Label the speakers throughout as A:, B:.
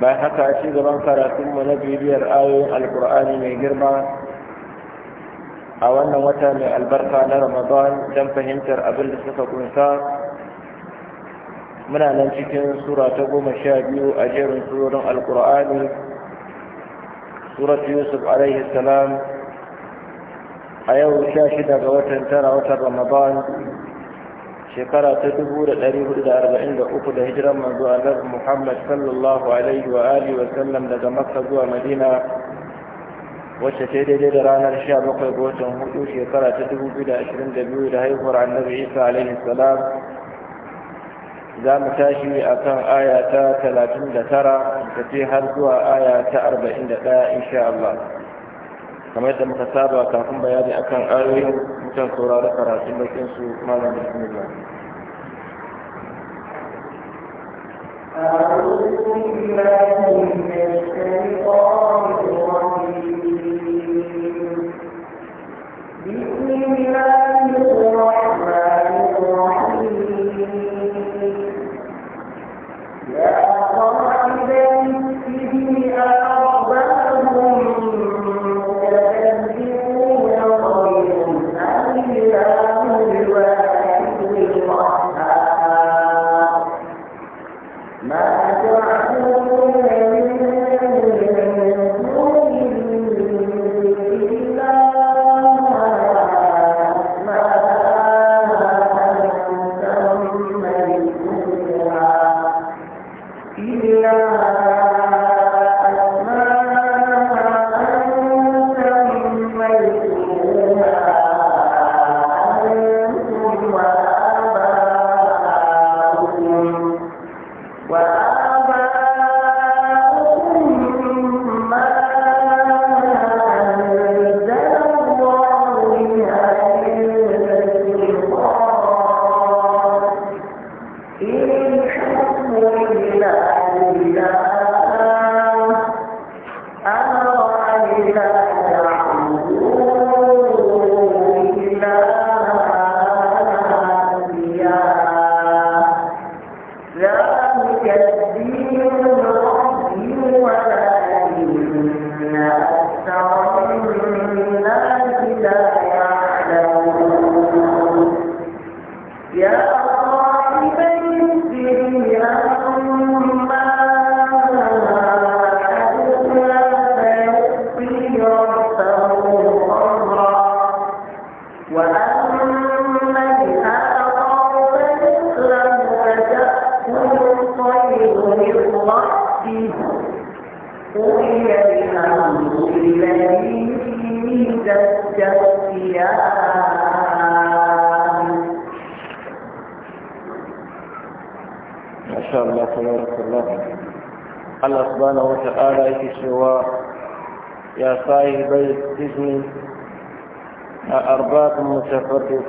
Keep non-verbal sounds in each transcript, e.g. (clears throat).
A: Bai haka a gaban karatunmu na bibiyar ayoyin alkur'ani mai girma a wannan wata mai albarka na ramadan don fahimtar abin da suka kunsa muna nan cikin sura ta goma sha biyu a jerin surorin alkur'ani surat yusuf alaihi salam a yau sha shida ga watan tara watan ramadan shekara ta dubu da ɗari hudu da arba'in da uku da hijiran manzo annabi muhammad sallallahu alaihi wa alihi wa sallam daga makka zuwa madina wacce ta daidai da ranar 17 bakwai ga watan hudu shekara ta dubu da haihuwar annabi isa alaihi salam za mu tashi a kan aya ta 39 da tara har zuwa aya ta arba'in da insha allah kamar yadda muka saba kafin bayani akan ayoyin mutan saurari karatun bakin su malam bismillah
B: بسم الله الرحمن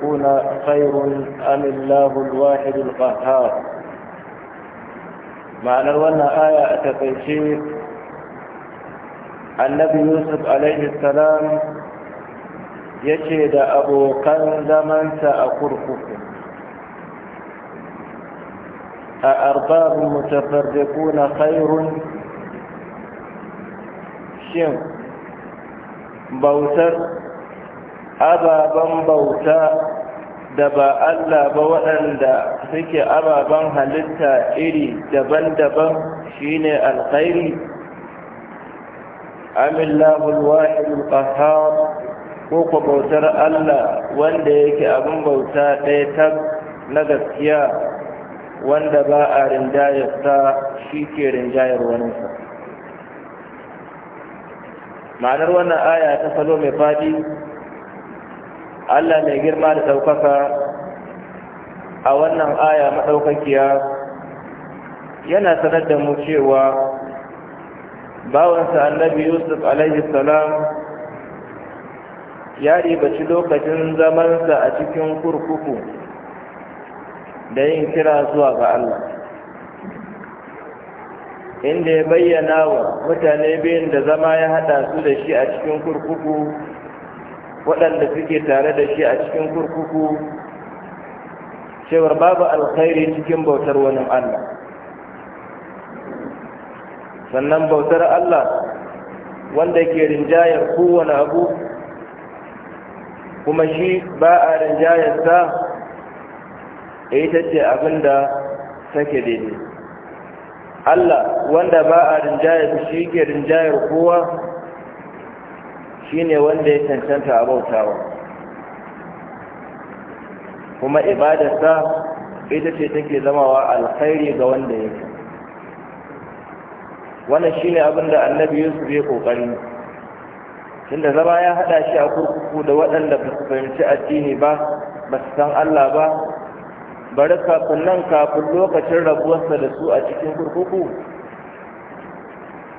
A: يكون خير أم الله الواحد القهار ma'anar wannan aya a takaice annabi yusuf alaihissalam ya ce da abokan zamanta a kurkuku a arbabin mutafarriku na khairun shin bautar ababen bauta da ba Allah ba waɗanda suke ababen halitta iri daban-daban shine alkhairi amillahul wahidul qahhar ko ku bautar Allah wanda yake abin bauta ɗaya ta na gaskiya wanda ba a rinjayarsa shi ke rinjayar waninsa ma'anar wannan aya ta salo mai fadi Allah mai girma da ɗaukaka a wannan aya maɗaukakiya yana sanar da mu cewa bawansa annabi yusuf alaihi salam ya ribaci lokacin zamansa a cikin kurkuku da yin kira zuwa ga Allah inda ya bayyana wa mutane biyun da zama ya haɗa su da shi a cikin kurkuku waɗanda suke tare da shi a cikin kurkuku cewar babu alkhairi cikin bautar wani Allah sannan bautar Allah wanda ke rinjayar kowane abu kuma shi ba a rinjayarsa ita ce abinda sake daidai Allah wanda ba a rinjayarsa shi ke rinjayar kowa Shi ne wanda ya cancanta a bautawa kuma ibadarsa ita ce take zamawa alkhairi ga wanda ya yake wannan shine abin da annabi yusuf ya kokari tunda zama ya hada shi a kurkuku da waɗanda ba su fahimci addini ba ba su san allah ba bari kafin nan kafin lokacin rabuwarsa da su a cikin kurkuku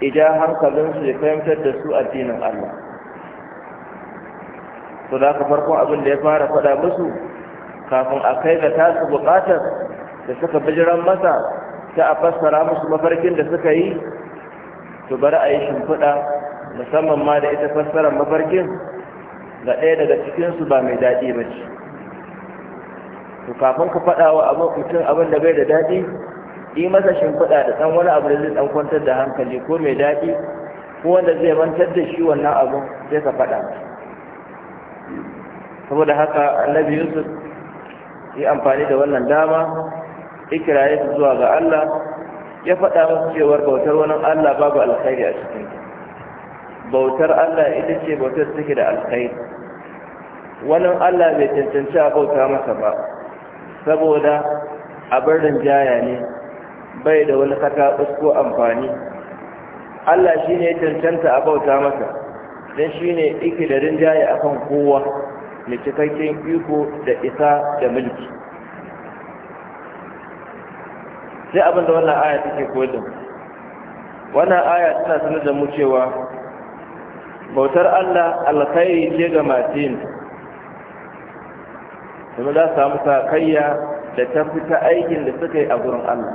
A: ija hankalinsu ya fahimtar da su addinin allah to da ka farko abin da ya fara faɗa musu kafin a kai ga tasu buƙatar da suka bijiran masa ta a fassara musu mafarkin da suka yi to bari a yi shimfiɗa musamman ma da ita fassarar mafarkin ga ɗaya daga cikinsu ba mai daɗi ba ce to kafin ka faɗa wa mutum abin da bai da daɗi yi masa shimfiɗa da ɗan wani abu da zai ɗan kwantar da hankali ko mai daɗi ko wanda zai mantar da shi wannan abin sai ka faɗa saboda haka annabi yusuf yi amfani da wannan dama ikiraye su zuwa ga allah ya faɗa masu cewar bautar wani allah babu alkhairi a cikin bautar allah ita ce bautar take da alkhairi wani allah bai cancanci a bauta masa ba saboda birnin rinjaya ne bai da wani kata ko amfani allah shi ne cancanta a bauta masa don shi ne ikilarin jaya a kan kowa mai cikakken iko da isa da mulki sai abin da wannan aya take koyar wannan aya tana sanar da mu cewa bautar Allah alkhairi ce ga matin kuma za su samu sakayya da ta fita aikin da suka yi a gurin Allah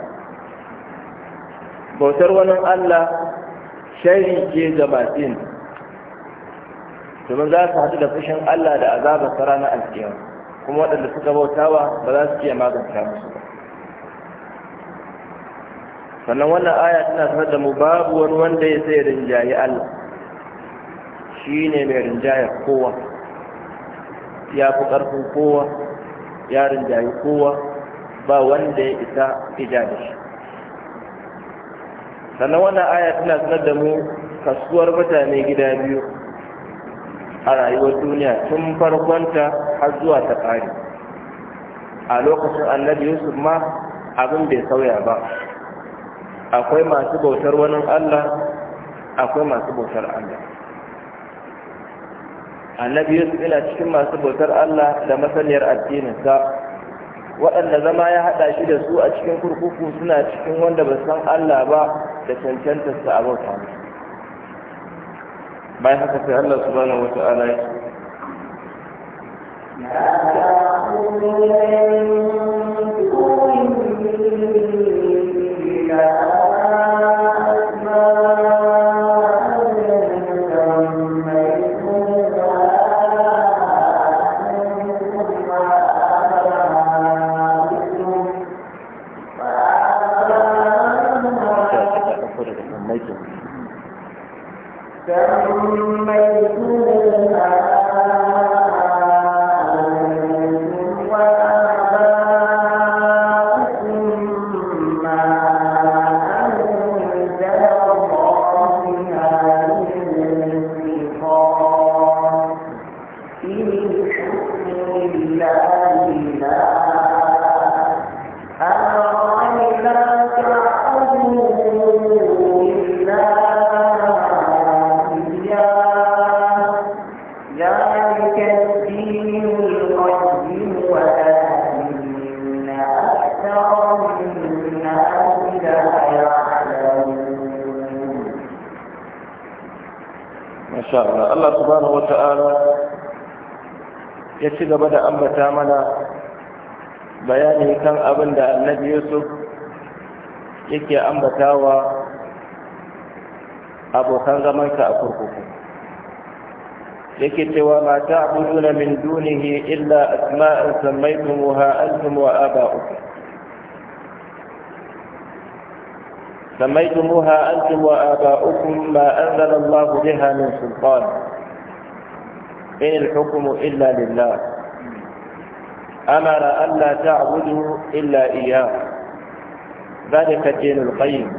A: bautar wani Allah shari ce ga matin domin za su haɗu da fushin Allah da azabar ta ranar alkiyar kuma waɗanda suka bautawa ba za su iya maganta musu ba sannan wannan aya tana sanar da mu babu wani wanda ya sai rinjaye Allah shi ne mai rinjaye kowa ya fi ƙarfin kowa ya rinjaye kowa ba wanda ya isa ija da shi sannan wannan aya tana sanar da mu kasuwar mutane gida biyu a rayuwar duniya tun farkonta har zuwa ta ƙari a lokacin annabi yusuf ma abin bai sauya ba akwai masu bautar wani allah akwai masu bautar allah annabi yusuf yana cikin masu bautar allah da masaniyar addininsa waɗanda zama ya haɗa shi da su a cikin kurkuku suna cikin wanda ba san allah ba da cancantarsa a bauta musu bayan haka sai Allah subhanahu wata'ala ya
B: ce
A: ya ci gaba da ambata mana bayani kan abin da annabi yusuf yake ambatawa abokan zamanka a kurkuku yake cewa ma ta'buduna min dunihi illa asma'an sammaytumuha antum wa aba'ukum سميتموها أنتم وآباؤكم ما أنزل الله بها من سلطان إن الحكم إلا لله أمر ألا تعبدوا إلا إياه ذلك الدين القيم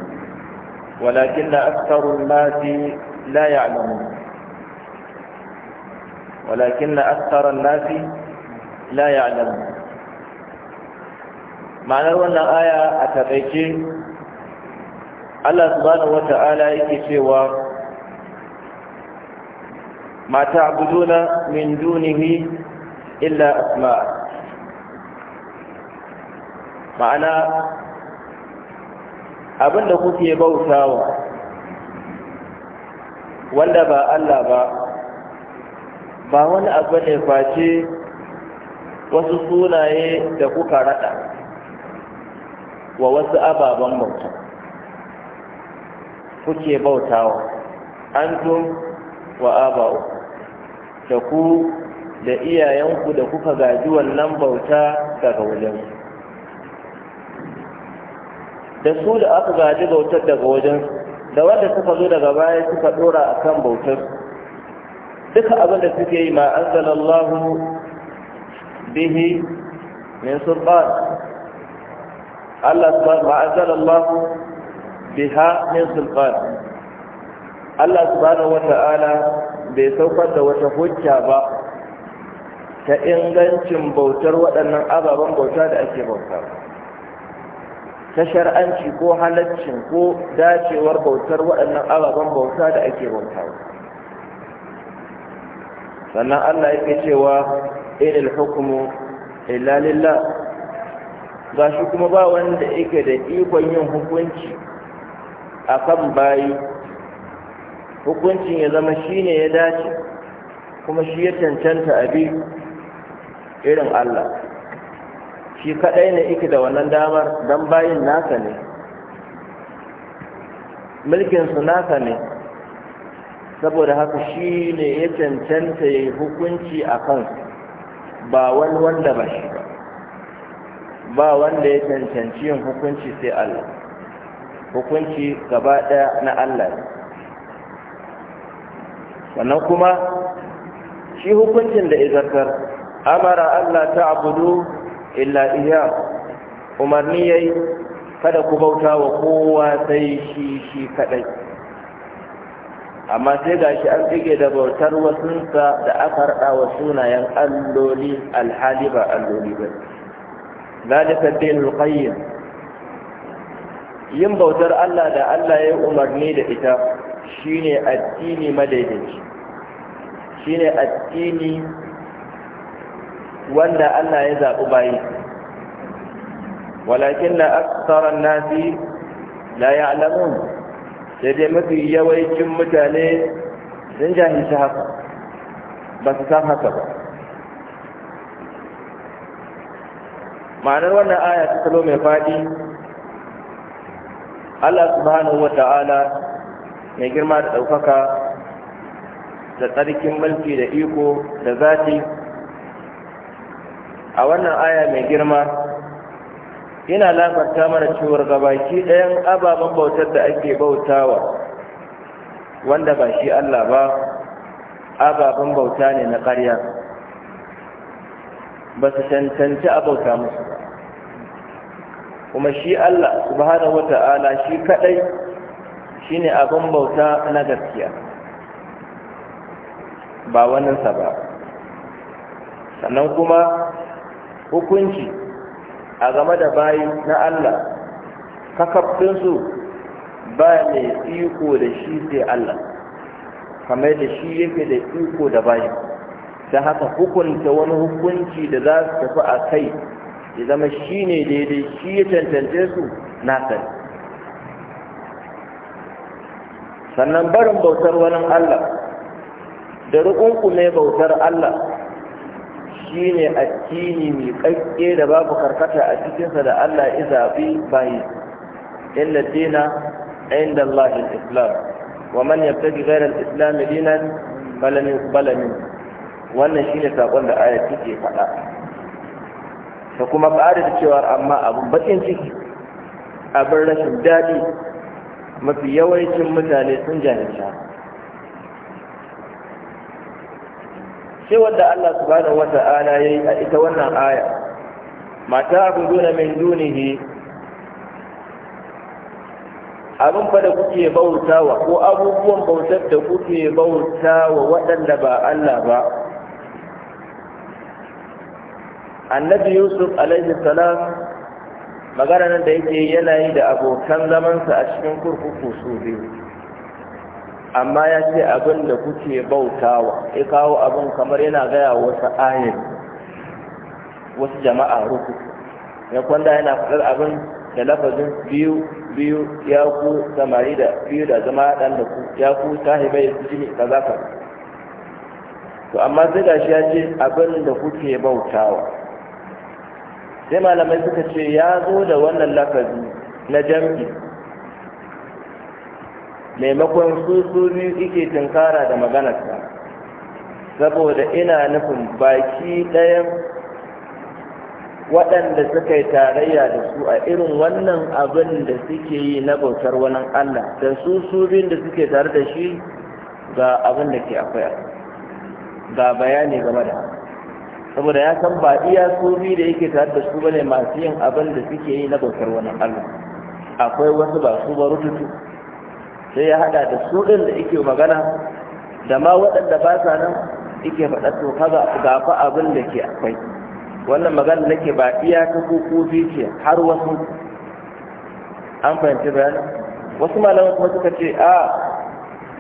A: ولكن أكثر الناس لا يعلمون ولكن أكثر الناس لا يعلمون معنى أن آية أتبعي الله سبحانه وتعالى yake cewa ما تعبدون من دونه illa أسماء ma'ana abin da kuke bautawa wanda ba Allah ba ba wani abu ne face wasu sunaye da kuka rada wa wasu ababen mutum, kuke bautawa an wa aba'u da ku da iyayenku da kuka gaji wannan bauta daga wajen da su da aka gaji bautar daga wajen da wanda suka zo daga baya suka dora a kan bautar duka abin da suke yi ma'azalallahu bihi min sulban Allah subhanahu ma biha min sulban Allah subhanahu wa ta'ala bai saukar da wata hujja ba ta ingancin bautar waɗannan ababen bauta da ake bauta ta shar'anci ko halaccin ko dacewar bautar waɗannan ababen bauta da ake bauta sannan allah yake cewa inil hukumu illa lillah ba shi kuma ba wanda yake da ikon yin hukunci akan bayi hukuncin ya zama shi ne ya dace kuma shi ya cancanta bi irin Allah shi kaɗai ne iki da wannan damar don bayin nasa ne mulkinsu nasa ne saboda haka shi ne ya cancanta ya yi hukunci a kansu ba wani wanda ba shi ba ba wanda ya cancanci yin hukunci sai Allah hukunci gaba ɗaya na Allah ne sannan kuma shi hukuncin da izartar amara Allah ta abudu illa iya umarni ya yi kada ku bauta wa kowa sai shi shi kadai amma sai gashi an tsige da bautar wasunsa da aka raɗa wa sunayen alloli alhali ba alloli ba zalika din qayyim yin bautar Allah da Allah ya yi umarni da ita shine addini madaidaici shine addini wanda Allah ya zaɓi bayi walakin na aksaran nasi la ya'lamun sai dai mafi yawancin mutane sun jahilci haka ba su san haka ba ma'anar wannan aya ta salo mai faɗi Allah subhanahu wa ta'ala mai girma da ɗaukaka da tsarkin mulki da iko da zati a wannan aya mai girma yana lafarta mana cewar gabaki ɗayan ababen bautar da ake bautawa wanda ba shi Allah ba ababen bauta ne na ƙarya ba su cancanci a bauta musu ba kuma shi Allah subhanahu wata'ala shi kaɗai shine abin bauta na gaskiya ba waninsa ba sannan kuma hukunci a game da bayi na Allah su ba mai iko da shi sai Allah kamar da shi yake da iko da bayi ta haka hukunta wani hukunci da za su tafi a kai ya zama shi ne daidai shi ya cancance su na sannan barin bautar wani Allah da ne bautar Allah shi ne a addini mai ƙaƙƙe da babu karkata a cikinsa da Allah ya zaɓi bayi illa dina inda Allah islam wa man ya fi gaira islami dinan balamin yuqbala min wannan da aya ke faɗa da kuma ƙari da cewa amma abu baƙin ciki abin rashin daɗi mafi yawancin mutane sun jahilta sai da Allah subhanahu ya yayi a ita wannan aya mata abuduna min dunihi abin fa da kuke bautawa ko abubuwan bautar da kuke bautawa waɗanda ba Allah ba annabi yusuf alaihi salam magana nan da yake yana yi da abokan zamansa a cikin kurkuku su biyu amma ya ce abin da kuke bautawa ya kawo abin kamar yana gaya wasu ayin wasu jama'a ruku ya kwanda yana faɗar abin da lafazin biyu biyu ya ku samari da biyu da zama ɗan da ku ya ku sahibai su jini ka za ka to amma sai ga shi ya ce abin da kuke bautawa sai malamai suka ce ya zo da wannan lafazi na jam'i maimakon su su biyu ike tunkara da maganarsa saboda ina nufin baki ɗayan waɗanda suka yi tarayya da su a irin wannan abin da suke yi na bautar wani Allah da su su biyun da suke tare da shi ga abin da ke akwai ga bayani game da saboda ya san ba iya su biyu da yake tare da su bane masu yin abin da suke yi na bautar wani Allah akwai wasu ba su ba rututu sai ya hada da su ɗin da yake magana da ma waɗanda ba sa nan yake faɗa to kaza ga fa abin da ke akwai wannan magana nake ba iya ta kokofi ce har wasu an fahimci bayanin wasu malaman kuma suka ce a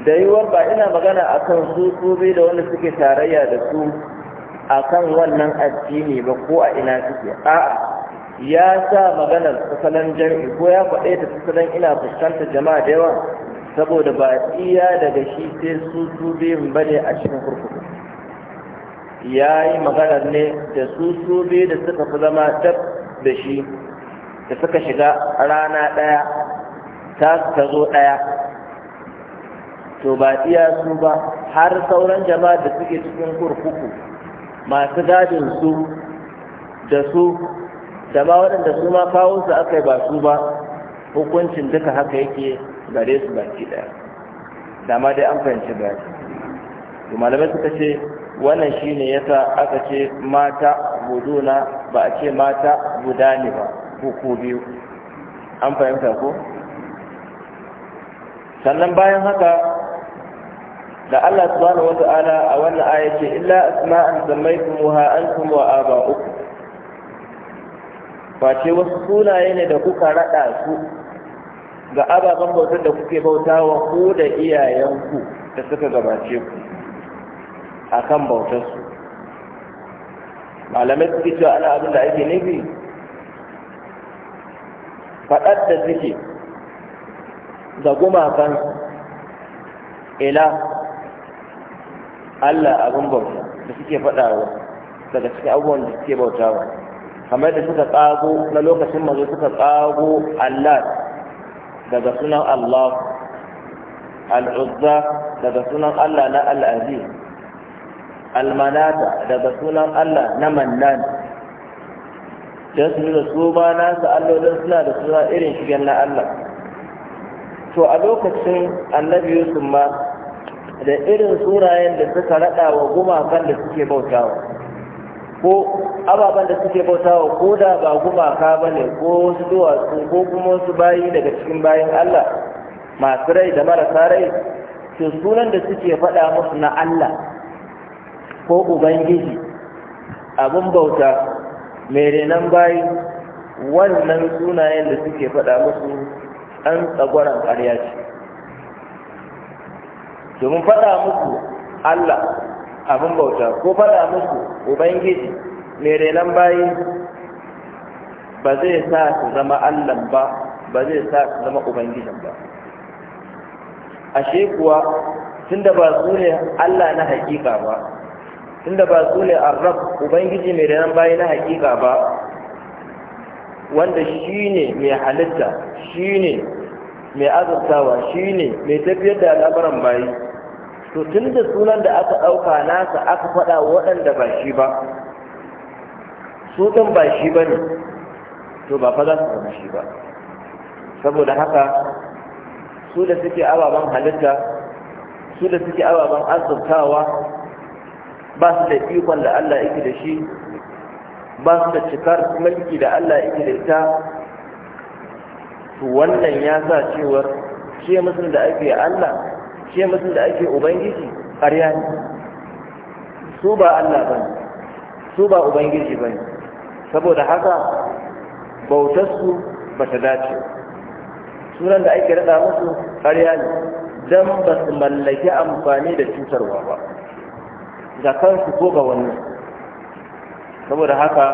A: da yiwuwar ba ina magana akan su tsobe da wanda suke tarayya da su akan wannan addini ba ko a ina suke a'a ya sa maganar fasalan jami'i ko ya faɗe ta fasalan ina fuskanta jama'a da yawa saboda ba iya daga shi sai su su biyun bane a cikin kurkuku ya yi maganar ne da su su biyu da suka fi zama dab da shi da suka shiga rana ɗaya ta ta zo ɗaya to ba iya su ba har sauran jama'a da suke cikin kurkuku masu gadin su da su da ma waɗanda su ma kawo su aka yi ba su ba hukuncin duka haka yake gare su baki daya dama dai an fahimci gari to malamai suka ce wannan shine yasa aka ce mata buduna ba a ce mata guda ne ba ko ko biyu an fahimta ko sannan bayan haka da Allah subhanahu wata'ala a wannan aya ce illa asma'an sammaytumuha antum wa aba'ukum ce wasu sunaye ne da kuka raɗa su ga ababen bautar da kuke bautawa ko da iyayenku da suka gabace ku a kan bautarsu malamai suke cewa ana abin da ake nufi faɗar da suke da gumakan ila Allah abin bauta da suke faɗawa daga cikin abubuwan da suke bautawa kamar da suka tsago na lokacin mazo suka tsago Allah daga sunan Allah al'uzza daga sunan Allah na al'aziz almanata daga sunan Allah na mannan don su nuna su ba nasu allolin suna da suna irin shigen na Allah to a lokacin annabi yusuf ma da irin surayen da suka raɗa wa gumakan da suke bautawa ko ababen da suke bautawa ko da ba gumaka ba ne ko wasu duwatsu ko kuma wasu bayi daga cikin bayan Allah masu rai da marasa rai su sunan da suke faɗa musu na Allah ko Ubangiji abin bauta mai renan bayi wannan sunayen da suke faɗa musu an tsagwaron ƙarya ce domin faɗa musu Allah abin bauta ko fada musu ubangiji mai renon bayi ba zai sa su zama allan ba ba zai sa su zama ubangijin ba A shekuwa tun da ba su ne allah na hakika ba tun da ba su ne arab ubangiji mai renon bayi na hakika ba wanda shi ne mai halitta shi ne mai azurtawa shi ne mai tafiyar da al'amuran bayi to tun da sunan da aka ɗauka nasa aka faɗa waɗanda ba shi ba su ɗin ba shi ba ne to ba fa za su zama shi ba saboda haka su da suke ababen halitta su da suke ababen azurtawa ba su da ikon da Allah yake da shi ba su da cikar mulki da Allah yake da ita to wannan ya sa cewar ce musulun da ake Allah shi mutum da ake ubangiji ƙarya ne su ba Allah ba su ba ubangiji ba saboda haka bautarsu ba ta dace sunan da ake rada musu ƙarya ne don ba su mallaki amfani da cutarwa ba ga kansu ko ga wani saboda haka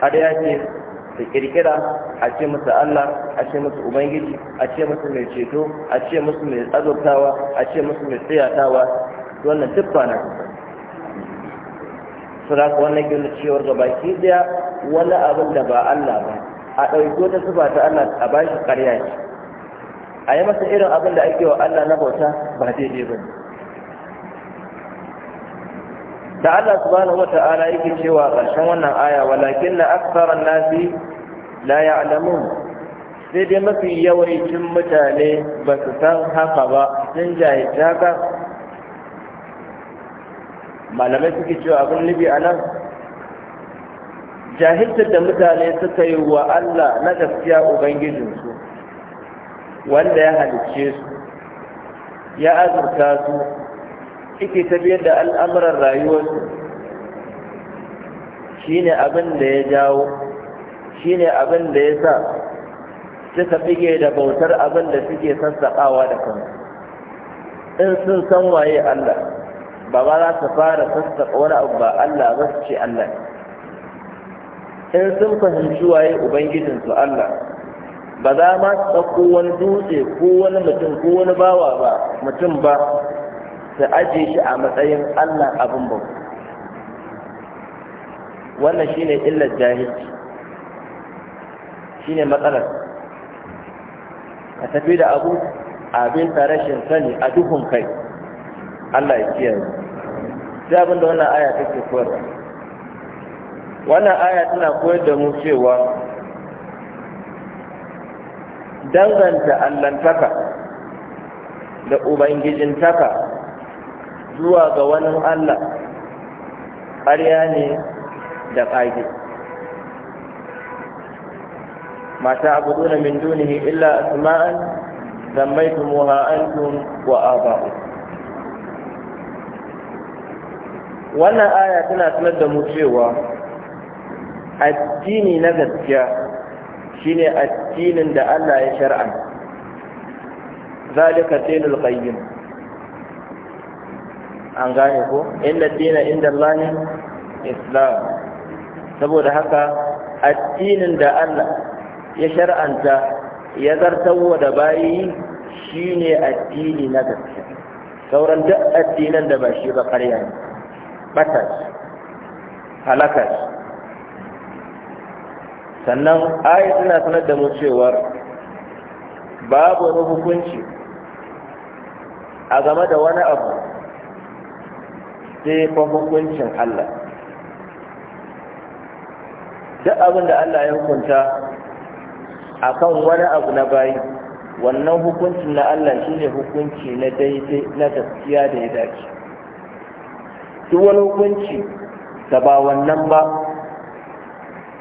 A: ƙarya ne su kirkira a ce musu Allah a ce musu ubangiji a ce musu mai ceto a ce musu mai tsazotawa, a ce musu mai tsayatawa wannan tuffa ba na su da ku wannan gina cewar ga baki daya wani abin da ba Allah ba a ɗauki wata sufa ta Allah a ba shi ƙarya ce a yi masa irin abin da ake wa Allah na bauta ba daidai ba ne da Allah subhanahu ta'ala yake cewa ƙarshen wannan aya walakin na aksara nasi la alamu sai dai mafi yawancin mutane ba su san haka ba sun jahilci jaka. malamai suke cewa abin nufi a nan jahiltar da mutane suka yi wa Allah na gaskiya ubangijinsu wanda ya halicce su ya azurta su ike tafiyar da al'amuran rayuwarsu shi ne abin da ya jawo shine abin da ya sa suka bige da bautar abin da suke sassaƙawa da kansu in sun san waye Allah ba ba za su fara sassaƙa wani abu ba Allah ba su ce Allah in sun fahimci waye ubangijinsu Allah ba za ma su ɗauko wani dutse ko wani mutum ko wani bawa ba mutum ba su ajiye shi a matsayin Allah abin ba. wannan shine illar jahilci shine matsalar ka tafi da abu abin tarashin sani a duhun kai Allah ya kiyaye sai abin da wannan aya take koyar wannan aya tana koyar da mu cewa danganta allantaka da ubangijintaka zuwa ga wani Allah ƙarya ne da ƙage ما تعبدون من دونه إلا أسماء سميتموها أنتم وآباؤكم wannan aya tana sanar da mu cewa addini na gaskiya shine addinin da Allah ya shar'an zalika dinul qayyim an gane ko inna dina inda Allah islam saboda haka addinin da Allah ya shar'anta ya zartawa da bayi ne addini na gaske sauran duk addinan da ba shi ba ƙarya ne batas halakas sannan ayi suna sanar da mu cewar babu wani hukunci a game da wani abu sai fa hukuncin Allah duk abin da Allah ya hukunta akan wani abu na bayi wannan hukuncin na Allah ne hukunci na daidai na gaskiya da ya dace duk wani hukunci da ba wannan ba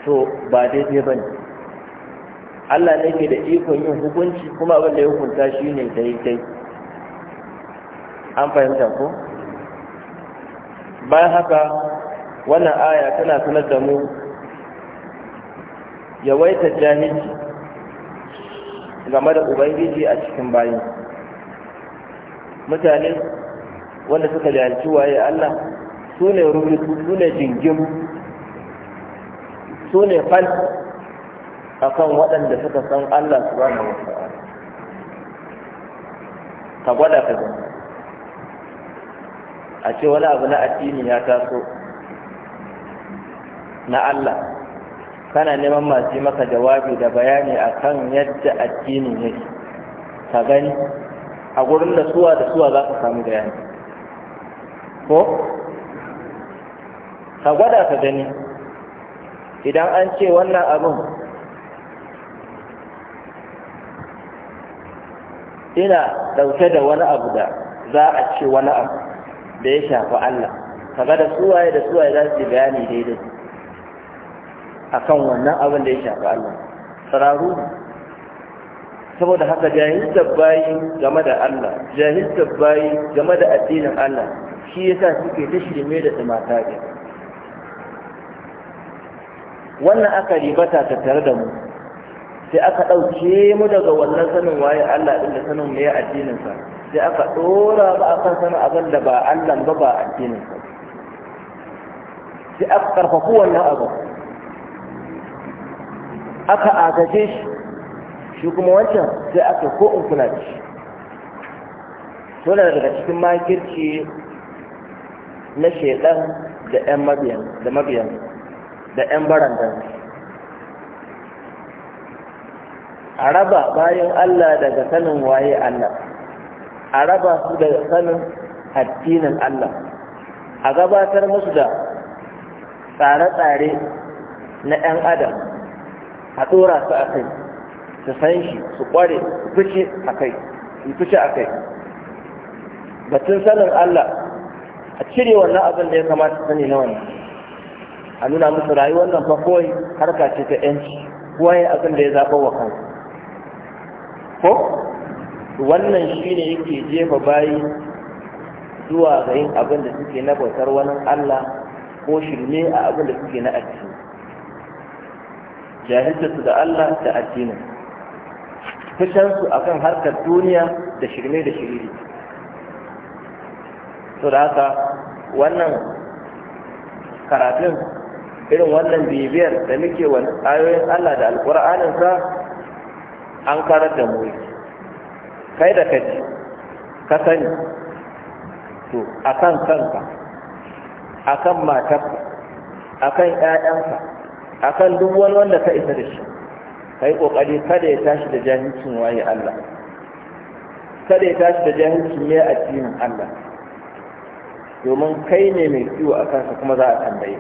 A: to ba daidai ba ne Allah ne ke da ikon yin hukunci kuma abin da ya hukunta shi ne daidai an fahimta ko bayan haka wannan aya tana sanar da mu yawaitar jahilci game da ubangiji a cikin bayi. mutane wanda suka jahilci waye Allah su ne rubutu su ne jingim su ne fal a kan waɗanda suka san Allah su rana wasu ka gwada ka zama a ce wani abu na addini ya taso na Allah kana neman masu maka jawabi da bayani a kan yadda addinin yake ka gani a gurin da suwa da suwa za ka samu bayani ko ka gwada ka gani idan an ce wannan abin ina ɗauke da wani abu da za a ce wani abu da ya shafi Allah ka da suwaye da suwaye za su bayani daidai akan wannan abin da ya shafi Allah tsararu saboda haka jahiltar bayi game da Allah jahiltar bayi game da addinin Allah shi yasa suke ta shirme da tsimata ne wannan aka ribata tattare da mu sai aka ɗauke mu daga wannan sanin waye Allah ɗin da sanin me addininsa sai aka ɗora ba a kan sanin abin da ba Allah ba ba addininsa sai aka ƙarfafi wannan abin. aka agaje shi shi kuma wancan sai aka ko in kula da shi suna daga cikin makirci na shaidan da 'yan mabiyan da mabiyan da 'yan barandan a raba bayan Allah daga sanin waye Allah a raba su da sanin addinin Allah a gabatar musu da tsare-tsare na 'yan adam a tsora su a kai su san shi su kware su fice a kai su fice a kai batun sanin Allah a cire wannan abin da ya kamata sani na wannan a nuna musu rayuwar nan fa kawai harka ce ta yanci kowa ya abin da ya zaɓa wa kansa ko wannan shi ne yake jefa bayi zuwa ga yin abin da suke na bautar wani Allah ko shirme a abin da suke na aiki. jahilcinsu da Allah da addinin fitansu akan harkar duniya da shirme da shiriri to da haka wannan karatun irin wannan bibiyar da muke wa ayoyin Allah da alƙur'aninsa an karar da mu kai da kai ka sani to akan kanka akan matarka akan 'ya'yanka akan duk wani wanda ka isa da shi kai kokari kada ya tashi da jahilcin waye Allah kada ya tashi da jahilcin ya addinin Allah domin kai ne mai ciwo a kansa kuma za a tambaye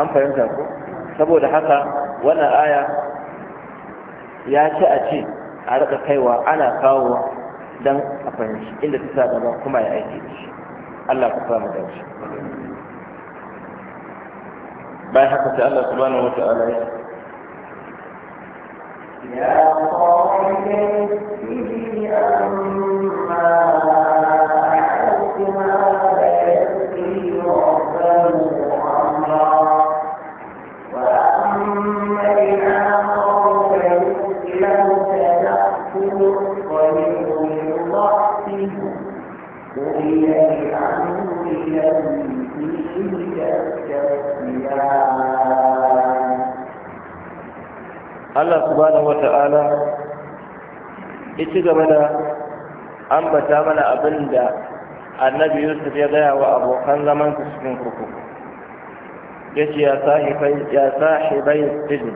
A: an fahimta ko saboda haka wannan aya ya ci a ce a raka kaiwa ana kawowa don a fahimci inda ta sa gaba kuma ya aiki da shi Allah ku fara da shi bayan haka sai Allah subhanahu wa ta'ala ya
B: يا صاحب السجن أما
A: subhanahu wata'ala ya ci gaba da ambata mana abin da annabi yusuf ya gaya wa abokan zamansa cikin kurkuku ya ce ya sahibai sijin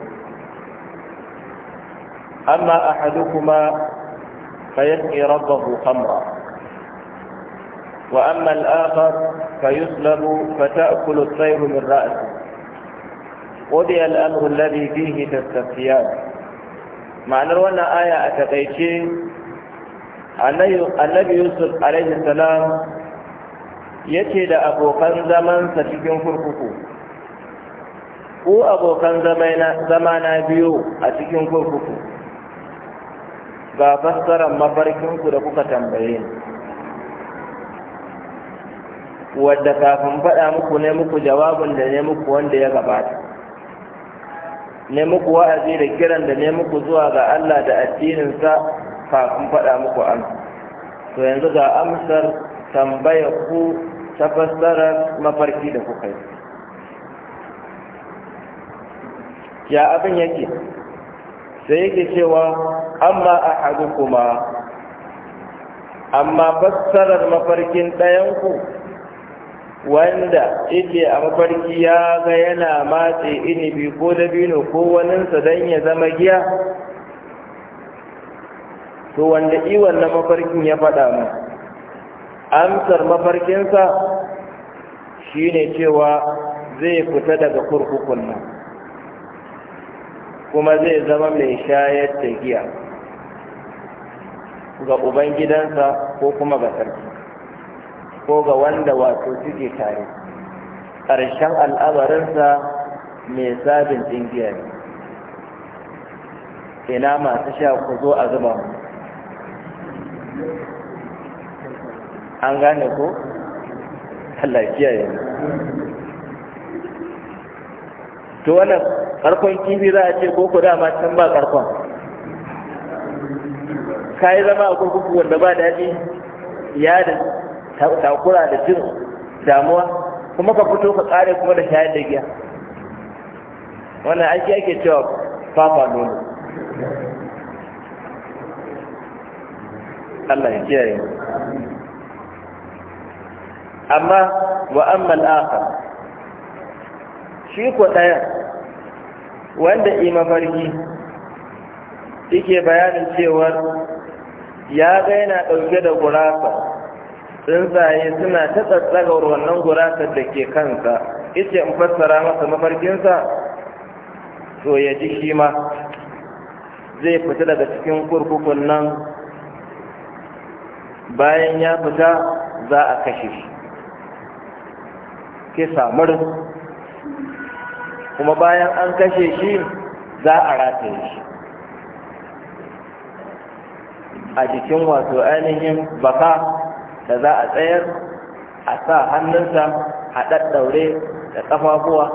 A: amma a hadu kuma فيسقي ربه خمرا وأما الآخر فيسلب فتأكل الطير من رأسه قضي الأمر الذي فيه تستفتيان ma'anar wannan aya a takaice annabi yusuf alaihi salam yace da abokan zamansa cikin kurkuku ko abokan zamana biyu a cikin kurkuku ga fassarar mafarkinku da kuka tambaye wadda kafin faɗa muku ne muku jawabin da ne muku wanda ya gabata ne muku wa'azi da kiran da ne muku zuwa ga Allah da addininsa kafin faɗa muku amsa to yanzu ga amsar tambaya ku ta fassarar mafarki da kuka yi ya abin yake sai yake cewa amma a haɗu kuma amma fassarar mafarkin ɗayanku wanda yake a mafarki ya ga yana matse inibi ko dabino ko waninsa don ya zama giya to wanda iwon na mafarkin ya faɗa mu amsar mafarkinsa shine cewa zai fita daga kurkukun nan kuma zai zama mai shayar da giya ga ubangidansa ko kuma ga sarki ko ga wanda wato suke tare ƙarshen al'amarinsa mai sabin tsingiya ne ina masu sha ku zo a zuba mu an gane ko lafiya ya to wannan karkon kifi za a ce ko ku dama can ba karkon ka yi zama a kurkuku wanda ba daɗi ya da takura da jin damuwa kuma ka fito ka kare kuma da shayar da giya wannan aiki ake cewa fafa nono Allah ya kiyaye amma wa amma al'akar shi ko ɗaya wanda ima farki yake bayanin cewar ya ga yana ɗauke da gurasa tsuntsaye suna ta tsatsagar wannan gurasar da ke kansa ita in fassara masa mafarkinsa to ya ji shi ma zai fita daga cikin kurkukun nan bayan ya fita za a kashe shi ke samar kuma bayan an kashe shi za a rataye shi a jikin wato ainihin baka da za a tsayar a sa hannunsa a ɗaɗɗaure da ƙafafuwa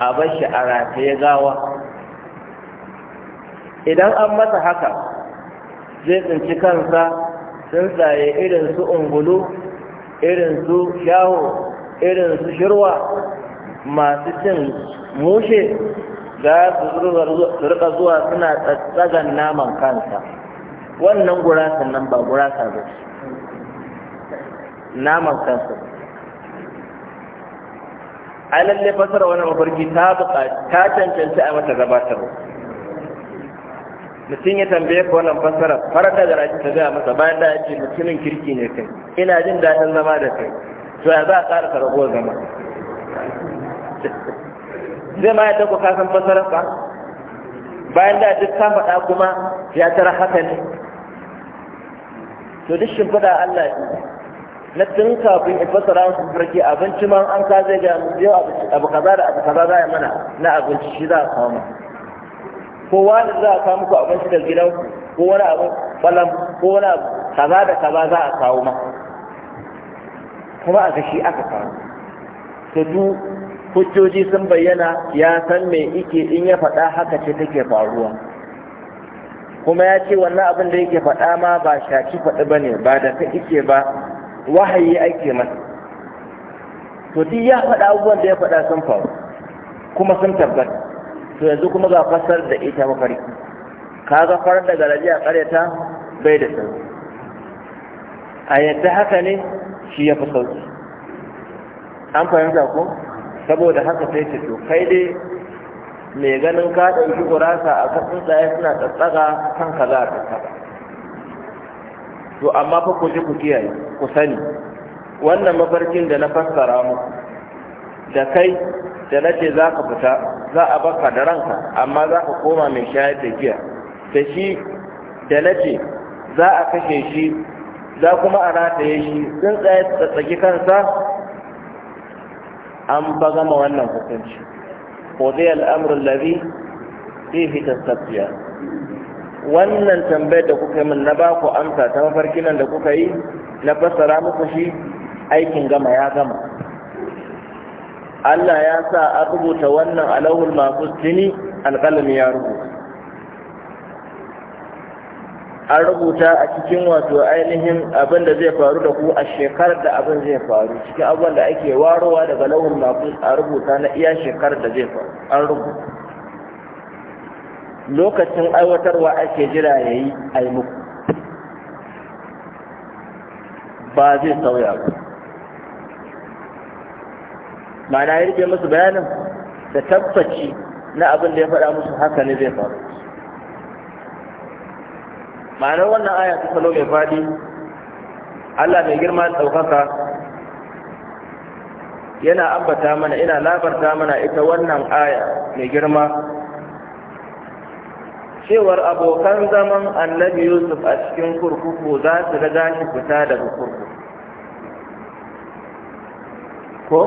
A: a bashi a rataye gawa idan an masa haka zai tsinci kansa tsuntsaye irin su ungulu irin su shaho irin su shirwa masu cin mushe za su rika zuwa suna tsatsagan naman kansa wannan gurasa nan ba gurasa ba naman kansu ai lalle fasara wani mafarki ta buƙaci ta cancanci a mata gabatarwa mutum ya tambaye ka wannan fasara farka da rashi ta gaya masa bayan da ake mutumin kirki ne kai ina jin daɗin zama da kai to ya za a ƙara karɓuwar zama zai ma yadda ku kasan fasara ba bayan da duk ka faɗa kuma ya tara haka ne to duk shimfiɗa Allah ne na tun kafin in fassara su farki abinci ma an ka zai ga yau abu kaza da abu kaza za ya mana na abinci shi za a kawo kowa wani za a samu ko abinci da gidan ko wani abu falam ko wani abu kaza da kaza za a kawo ma kuma a gashi aka kawo to du hujjoji sun bayyana ya san me ike in ya faɗa haka ce take faruwa kuma ya ce wannan abin da yake faɗa ma ba shaki faɗi ba ne ba da ka ike ba wahayi ake masa to duk ya faɗa abubuwan da ya faɗa sun faru kuma sun tabbata to yanzu kuma ga fasar da ita mafarki ka ga farar da garaji a ƙaryata bai da sauki a yadda haka ne shi ya fi sauki an fahimta ko saboda haka sai ce to kai dai mai ganin ka ɗauki gurasa a kan tsuntsaye suna tsatsaga kan kaza a tsatsaga to amma fa ku ji ku kiyaye ku sani wannan mafarkin da na fassara muku da kai da nace za ka fita za a baka da ranka amma za ka koma mai shayar da giya da shi da nace za a kashe shi za kuma a rataye shi tsuntsaye tsatsaki kansa an ba gama wannan hukunci ko zai al'amurin labi zai fitar tafiya wannan tambayar da kuka yi min na ba ku amsa ta mafarkin nan da kuka yi na fassara muku shi aikin gama ya gama Allah ya sa a rubuta wannan alawul masu Tini alƙalami ya rubuta an rubuta a cikin wato ainihin abin da zai faru da ku a shekarar da abin zai faru cikin abin da ake warowa daga lauhul mafus a rubuta na iya shekarar da zai faru an rubuta lokacin aiwatarwa ake jira ya yi aimuku ba zai sauya ba ma'ana yi rike musu bayanin da tabbaci na abin da ya faɗa musu haka ne zai faru ma'anar wannan aya ta salo mai faɗi allah mai girma ɗaukaka yana ambata mana ina labarta mana ita wannan aya mai girma cewar abokan zaman annabi yusuf a cikin kurkuku za su daga shi fita daga kurkuku ko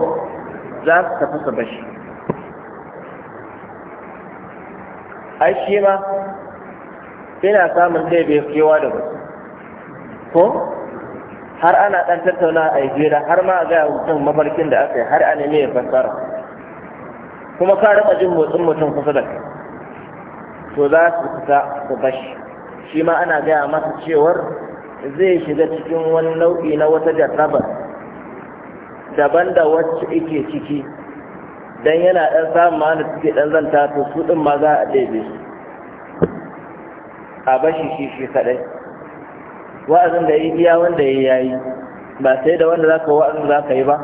A: za su tafi su bashi ai shi ma ina samun zai bai kewa da wasu ko har ana ɗan tattauna a jera har ma a gaya mutum mafarkin da aka yi har a neme ya fassara kuma ka rika jin motsin mutum kusa da kai to za su fita su bashi shi ma ana gaya masa cewar zai shiga cikin wani nau'i na wata jarraba daban da wacce ike ciki dan yana ɗan samun ma'ana da suke ɗan zanta to su ɗin ma za a ɗebe su a bashi shi shi kaɗai wa'azin da yi iya wanda ya yi ba sai da wanda za ka wa'azin za ka yi ba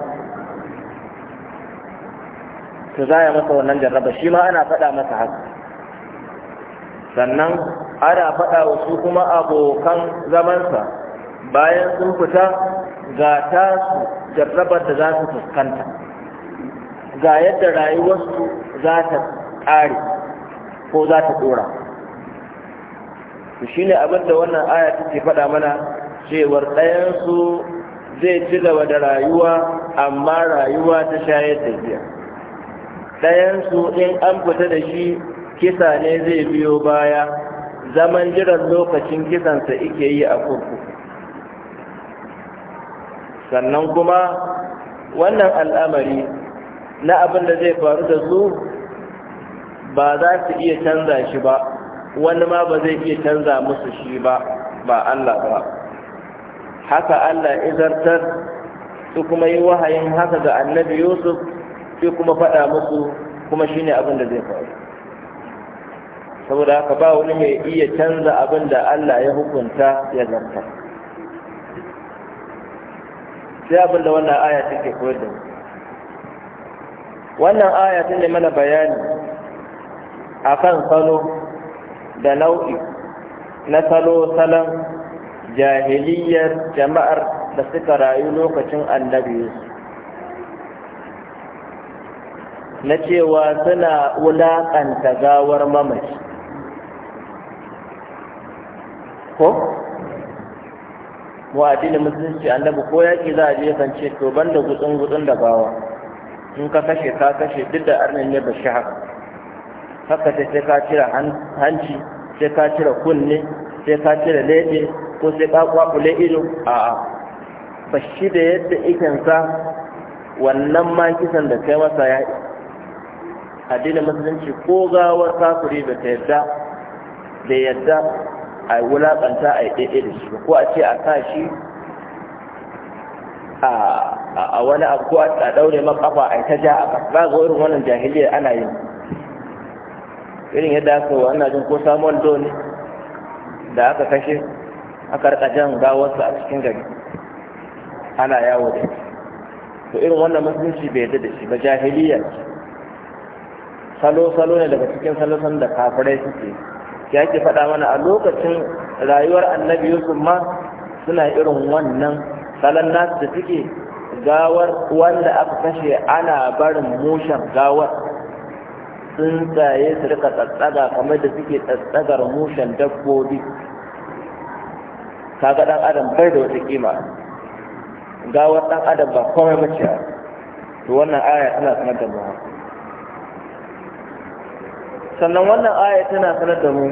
A: Ta za a masa wannan jarraba shi ma ana faɗa masa haka sannan ana faɗa wa su kuma abokan zamansa bayan sun fita ga ta jarrabar da za su fuskanta ga yadda rayuwarsu za ta ƙare ko za ta ɗora shi ne abinda wannan aya ke faɗa mana cewar ɗayansu zai ci gaba da rayuwa amma rayuwa ta shayar da biya ɗayansu in an fita da shi kisa ne zai biyo baya zaman jiran lokacin kisansa ike yi a kurkuku sannan kuma wannan al'amari na abin da zai faru da su ba za su iya canza shi ba wani ma ba zai iya canza musu shi ba ba Allah ba haka Allah izartar su kuma yi wahayin haka ga annabi Yusuf sai kuma faɗa musu kuma shine abin da zai faru saboda haka ba wani mai iya canza abin da Allah ya hukunta ya zarta sai abin da wannan aya take koyar da wannan aya ta mana bayani a kan salo da nau'i na salo salon jahiliyar jama'ar da suka rayu lokacin annabi na cewa suna wulaƙanta gawar mamaci ko mu addinin musulunci annabi ko yaƙi za a je kan ce to ban da gutsun gutsun da bawa in ka kashe ka kashe duk da arnin ne ba shi haka haka sai sai ka cire hanci sai ka cire kunne sai ka cire leɗe ko sai ka kwakule ido a'a ba shi da yadda ikinsa wannan ma kisan da kai masa ya addinin musulunci ko gawar kafuri ba ta yadda da yadda a wulaƙanta a yi ɗaiɗe da shi ko a ce a sa shi a wani abu ko a ɗaure makafa a yi ta ja a ƙasa ba ga irin wannan jahiliya ana yin irin yadda aka wa ana jin ko samuwar dole da aka kashe aka rika jan gawarsa a cikin gari ana yawo da shi to irin wannan musulunci bai yadda da shi ba jahiliya salo-salo ne daga cikin salo salo da kafirai suke ya ke faɗa mana a lokacin rayuwar annabi yusuf ma suna irin wannan salon nasu da suke gawar wanda aka kashe ana barin mushen gawar tsuntsaye su rika tsatsaga kamar da suke tsatsagar mushen dabbobi kaga ɗan adam bai da wata kima gawar ɗan adam ba komai bace to wannan aya tana sanar da mu sannan wannan aya tana sanar da mu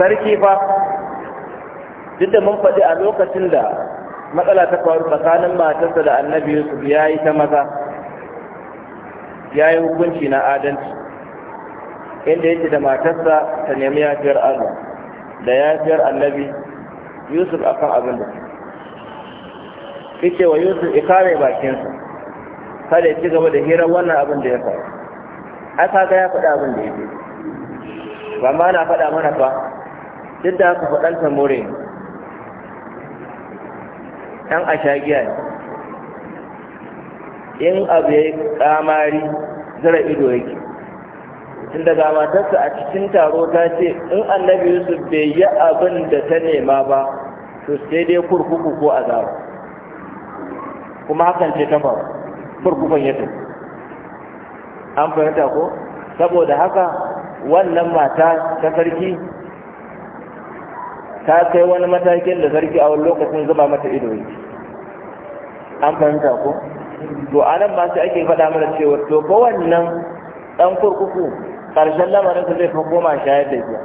A: sarki fa duk da mun faɗi a lokacin da matsala ta faru tsakanin matarsa da annabi yusuf ya yi ta maza ya yi hukunci na adalci inda yake da matarsa ta nemi yafiyar allah da yafiyar annabi yusuf akan abin da yake wa yusuf ikame bakinsa kada ya ci gaba da hirar wannan abin da ya faru ai kaga ya faɗa abin da yake ba ma na faɗa mana fa duk da haka faɗan tamore ɗan ashagiya ne in abu ya yi ƙamari zira ido yake tunda ga matarsa a cikin taro ta ce in annabi yusuf bai yi abin da ta nema ba to sai dai kurkuku ko azaba kuma hakan ce ta faru kurkukun ya tafi an fahimta ko saboda haka wannan mata ta sarki ta kai wani matakin da sarki a wani lokacin zuba mata ido an fahimta ko to anan ba su ake faɗa mana cewa to ko wannan ɗan kurkuku ƙarshen lamarin sa zai fi koma shayar da giya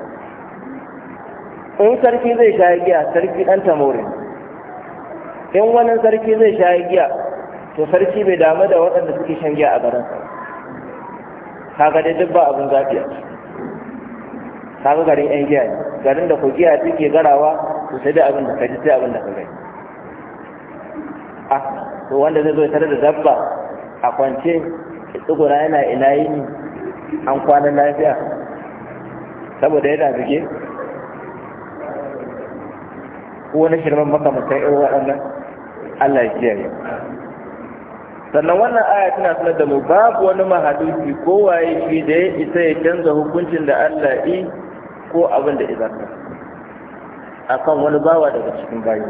A: in sarki zai shayar giya sarki ɗan tamorin in wani sarki zai shayar giya to sarki bai damu da waɗanda suke shan giya a garin sa kaga dai duk ba abin zafiya. kaga garin yan giya ne garin da ku giya suke garawa su sai da abin da ka ji sai abin da ka gani Ah, to wanda zai zo tare da dabba a kwance tsugura yana ina yini an kwana lafiya saboda yana zuge ko wani shirman makamantar irin waɗannan Allah ya kiyaye sannan wannan aya tana sanar da mu babu wani mahaluki ko waye shi da ya isa ya canza hukuncin da Allah yi ko abin da izaka akan wani bawa daga cikin bayi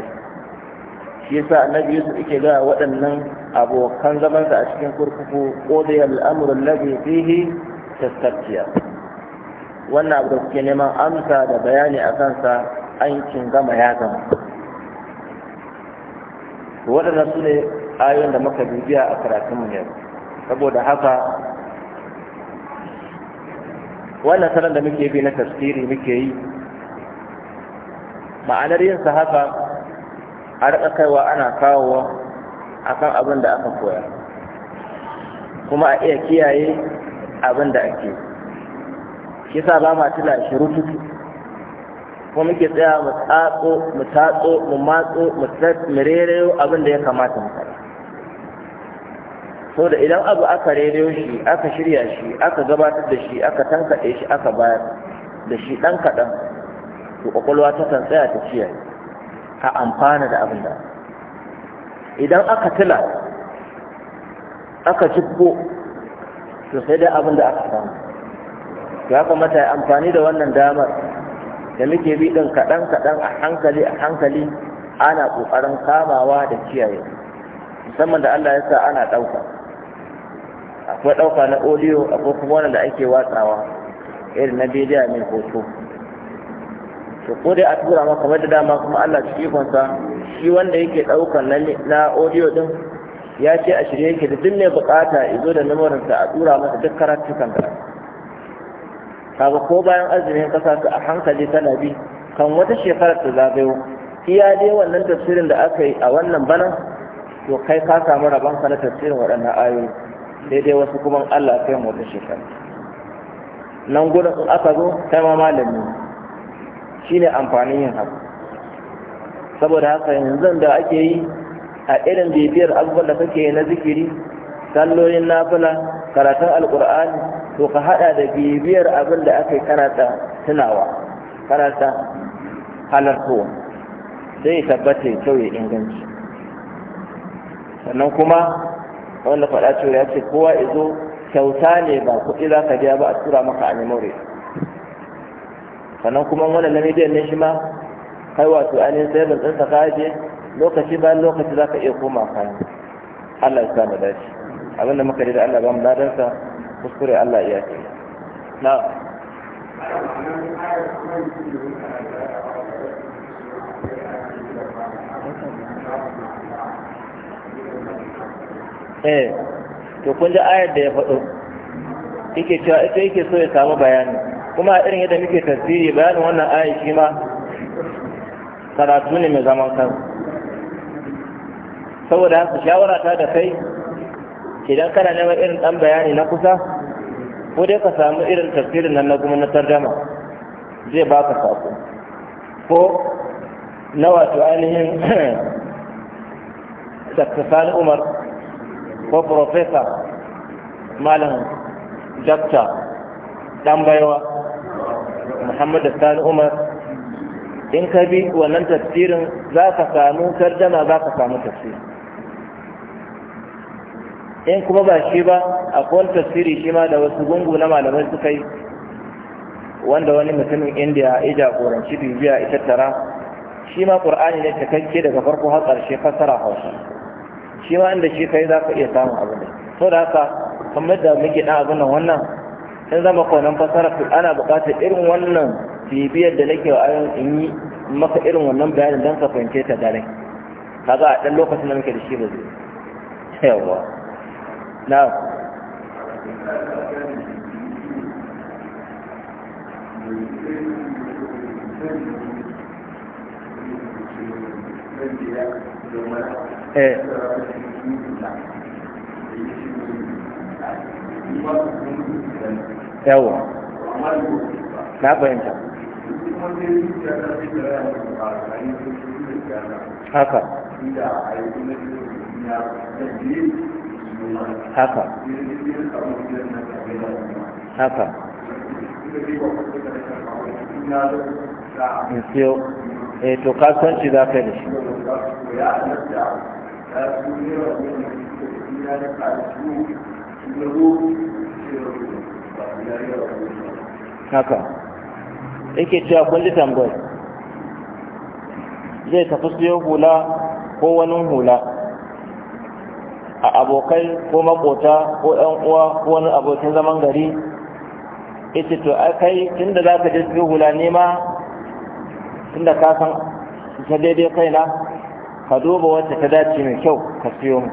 A: shi yasa annabi Yusuf yake ga waɗannan abokan zaman sa a cikin kurkuku qodiya al-amru allazi fihi tastaqiya wannan abu da kuke neman amsa da bayani a kansa an kin gama ya gama waɗannan su ne ayoyin da muka bibiya a karatunmu yau saboda haka wannan salon da muke bi na tafsiri muke yi ma'anar yinsa haka a raka kaiwa ana kawowa akan abin da aka koya kuma a iya kiyaye abin da ake kisa ba ma tuna shi tutu, kuma muke tsaya mu tsatso mu tatso mu matso mu rere abin da ya kamata mu so da idan abu aka rediyo shi aka shirya shi aka gabatar da shi aka tankaɗe shi aka bayar da shi ɗan kaɗan to ƙwaƙwalwa ta kan tsaya ta ciya a amfana da abin da idan aka tila aka jibbo to sai dai abin da aka samu to ya kamata ya amfani da wannan damar da muke bi ɗin kaɗan-kaɗan a hankali a hankali ana ƙoƙarin kamawa da kiyaye musamman da Allah ya sa ana ɗauka akwai ɗauka na audio akwai kuma wanda ake watsawa irin na bidiyo mai hoto to ko dai a tura maka kamar da dama kuma Allah cikin kwansa. shi wanda yake ɗaukan na audio din ya ce a shirye yake da duk mai bukata ya zo da sa a tura masa duk karatukan da kaga ko bayan azumin kasa ka a hankali tana bi kan wata shekarar ta zagayo iya dai wannan tafsirin da aka yi a wannan bana to kai ka samu rabon ka na tafsirin waɗannan ayoyi Daidai dai wasu kuma Allah kai mu wata shekara nan gurin in aka zo kai ma malami shine amfanin yin haka saboda haka yanzu da ake yi a irin bibiyar abubuwan da kake na zikiri sallolin nafila karatun alkur'ani to ka hada da bibiyar abin da aka karata tunawa karata halartowa sai ya tabbata ya kyau ya inganci sannan kuma wanda faɗa cewa ya ce kowa izo kyauta ne ba kuɗi za ka biya ba a tura maka a memory sannan kuma wannan na midiyan ne shi ma kai wato ainihin sai ban tsinsa ka je lokaci bayan lokaci za ka iya koma kan Allah ya sa mu dace abin da muka da Allah ba mu ladansa kuskure Allah ya ce na eh to kun ji ayar da ya faɗo yake cewa ita yake so ya samu bayani kuma irin yadda muke tasiri bayanin wannan ayar shi ma karatu ne mai zaman kan saboda haka shawara ta da kai idan kana neman irin dan bayani na kusa ko dai ka samu irin tasirin nan na kuma na tarjama zai baka sako ko na wato ainihin (clears throat) Dr. Sani Umar ko profesa malam dakta dan baiwa muhammad sani umar in ka bi wannan tafsirin za ka samu tarjama za ka samu tafsiri in kuma ba shi ba akwai tafsiri shi ma da wasu gungu na malamai suka yi wanda wani mutumin indiya ya jagoranci bibiya ita tara shi ma ƙur'ani ne cikakke daga farko har ƙarshe fassara hausa shi ma inda shi kai za ka iya samun abin da so da haka kamar da muke ɗan abin nan wannan in zama kwanan fasara ana buƙatar irin wannan bibiyar da nake wa ayon in yi maka irin wannan bayanin dan ka fahimce ta dare kaga a dan lokacin da muke da shi ba zai yawa na
C: Thank you. eh
A: yawa na fahimta haka haka haka
C: in siyo eh to kasuwanci za ka da shi
A: haka yake cewa kun ji tambayar zai tafi siyo hula ko wani hula a abokai ko makota ko ɗan uwa ko wani abokin zaman gari ita to kai tunda za ka je siyo hula nema tunda ka san ta daidai na. ka duba wacce ta dace mai kyau ka siyo mu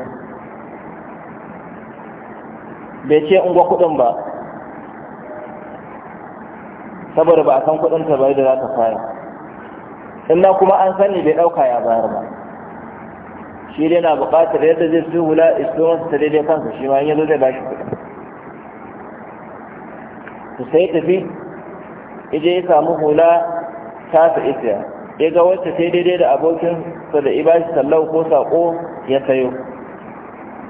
A: bai ce in kuɗin ba saboda ba a san kuɗin ta bai da za ta fara inda kuma an sani bai ɗauka ya bayar ba shi dai na buƙatar yadda zai fi hula istomansa ta daidai kansa shi ma yi yanzu zai bashi kudin su sai tafi ije ya samu hula ta su isiya ya ga wata sai daidai da abokin sa da ibashi sallau ko sako ya sayo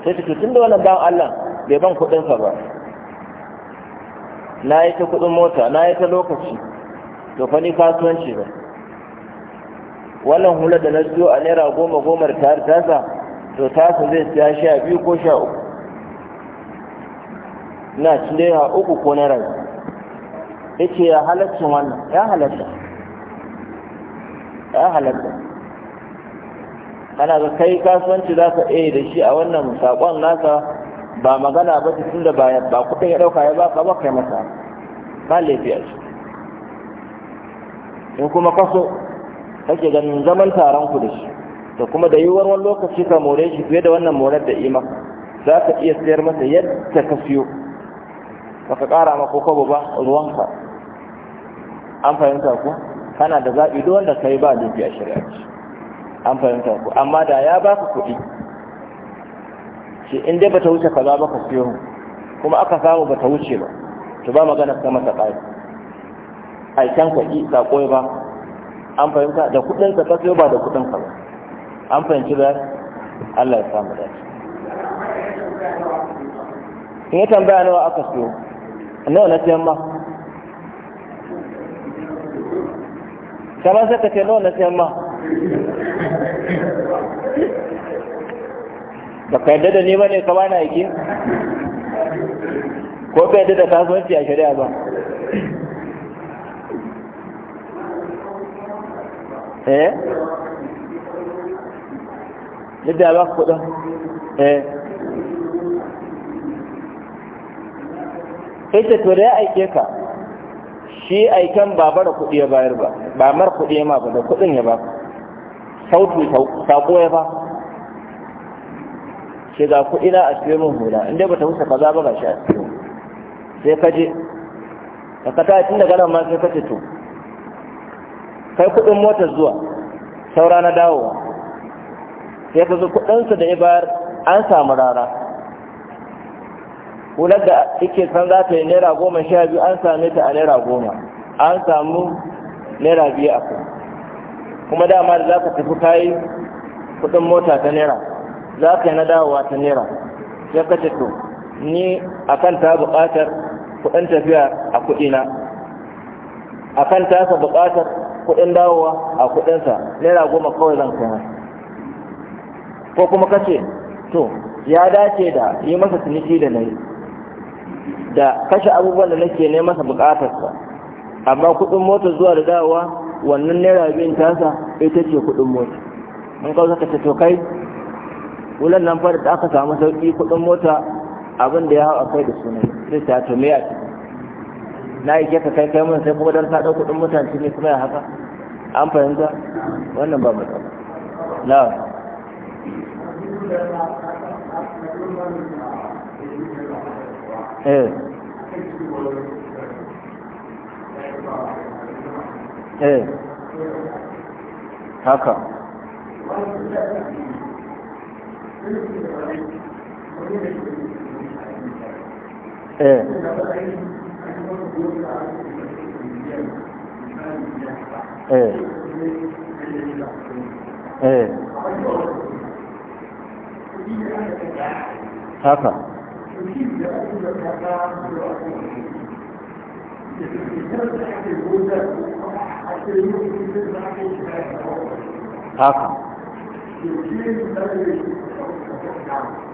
A: sai ta tun da wannan dan Allah bai ban kuɗin sa ba na yi ta kuɗin mota na yi ta lokaci to fa ni kasuwanci ba wannan hula da na siyo a naira goma gomar ta tasa to tasa zai siya sha biyu ko sha uku na cin naira uku ko naira biyu ya ce ya halaccin wannan ya halarta. ya halatta kana da kai kasuwanci za ka iya da shi a wannan saƙon nasa ba magana ba su tun da ba kuɗin ya ɗauka ya ka ba kai masa ba laifiya shi in kuma kaso kake ganin zaman taron ku da shi da kuma da yiwuwar wani lokaci ka more shi fiye da wannan morar da ima za ka iya sayar masa yadda ka siyo ka ƙara ma ko ba ruwanka an fahimta ku kana da zaɓi duk wanda kai ba dubi a shari'a an fahimta ku amma da ya baka kuɗi shi in dai bata wuce kaza ba ka siyo kuma aka samu bata wuce ba to ba magana ta masa ƙari a can kwaɗi ka koyi ba an fahimta da kuɗin ka siyo ba da kuɗin ka ba an fahimci ba, Allah ya samu dace in ya tambaya nawa aka siyo nawa na siyan ba kamar sai ka ce nawa na siyan ma ba ka yadda da ni ba ne ka na aiki ko ka yadda da kasuwanci a shari'a ba eh yadda ba ku kudin eh ita to da ya aike ka shi aikan ba bara kuɗi ya bayar ba ba mar kuɗi ya ma ba da kuɗin ya ba sautu saƙo ya ba ce ga kuɗi na a cikin mun hula inda ba ta wuce kaza ba ga shi a cikin sai ka je ka kata tun daga nan ma sai ka ce to kai kuɗin mota zuwa saura na dawowa sai ka zo kuɗinsa da ya bayar an samu rara hular da ike san za ta yi naira goma sha biyu an same ta a naira goma an samu naira biyu a kuma kuma dama da za ka tafi kayi kudin mota ta naira za ka yi na dawowa ta naira ya kace to ni akan ta buƙatar kudin tafiya a kudina akan ta sa buƙatar kudin dawowa a kudinsa naira goma kawai zan kai ko kuma kace to ya dace da yi masa ciniki da na yi da kashe abubuwan da nake ne masa bukatarsa amma kudin mota zuwa da dawowa wannan naira biyan tasa ita ce kudin mota mun kawo saka to kai wulan nan fara da aka samu sauki kudin mota abin da ya hawa kai da sunan sai ta to me a ciki na yi ka kai kai mun sai kuma dan sadau kudin mota shi ne kuma ya haka an fahimta wannan ba matsala na'am Eh. eh haka eh.
C: Eh. haka
A: haka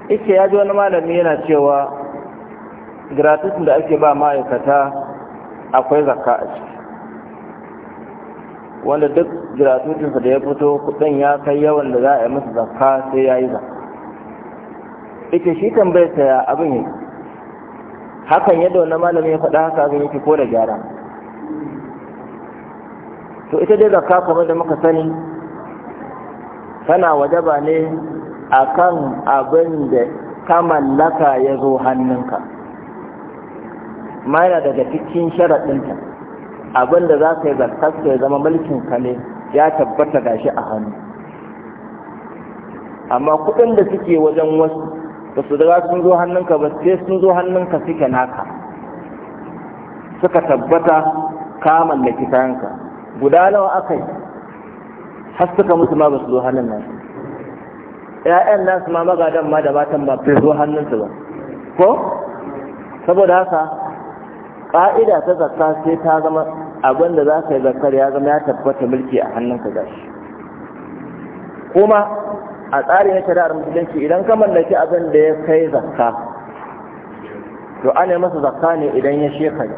A: ike ya ji wani malami yana cewa gratis da ake ba ma'aikata akwai zakka a ciki wanda duk gratis da ya fito kudin ya kai yawan da za a yi masa zakka sai ya yi zakka ita shi tambayar ta abin yi. hakan yadda wannan malamin ya faɗa haka abin yake ko da gyara to ita dai zakka kamar da muka sani tana wajaba ne akan abin da ka laka ya zo hannunka Mana daga cikin sharaɗinta abin da za ka yi zakkarsa ya zama mulkinka ne ya tabbata gashi a hannu amma kuɗin da suke wajen wasu ba su daga sun zo hannunka ba sai sun zo hannunka suke naka suka tabbata kamar da kayanka guda nawa aka yi har suka musu ma ba su zo hannun nan ‘ya'yan su ma magadan ma da matan ba sai zo hannunsu ba ko saboda haka ƙa'ida ta zakka sai ta zama abin da za ka yi zakkar ya zama ya tabbata mulki a hannunka gashi kuma a tsari na shari'ar musulunci idan ka mallaki abin da ya kai zakka to an yi masa zakka ne idan ya shekara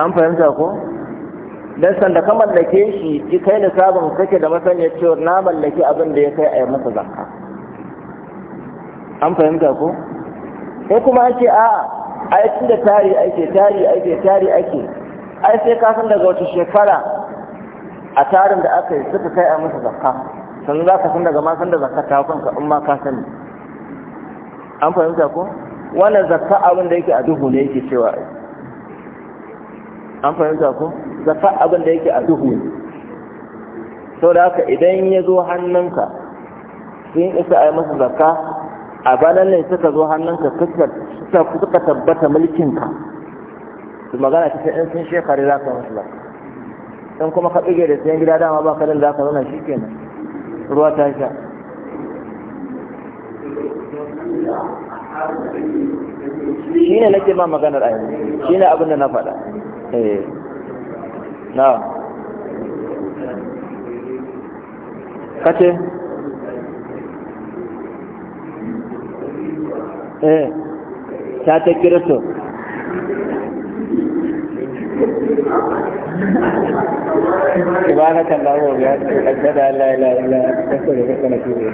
A: an fahimta ko don sanda ka mallake shi ki kai sabon kake da masaniya cewa na mallaki abin da ya kai a yi masa zakka an fahimta ko ko kuma ake a aiki da tari ake tari ake tari ake ai sai ka san daga wata shekara a tarin da aka yi suka kai a musu zakka sannan za ka san daga masan da zakka ta kanka in ma ka sani an fahimta ko wannan zakka abin da yake a duhu ne yake cewa an fahimta ko zakka abin da yake a duhu ne sau da haka idan ya zo hannunka sun isa a yi masa zakka a banan ne suka zo hannunka suka tabbata mulkinka su magana ta sai in sun shekaru za ka masu zakka in kuma ka tsige da sayan gida dama ba kadan za ka zauna shi kenan ruwa ta sha shi ne nake ma maganar ayyuka shi ne abin da na faɗa eh. na kace eh ta ta kirito ibadatan da abubuwa ya ce ajada la ilaha da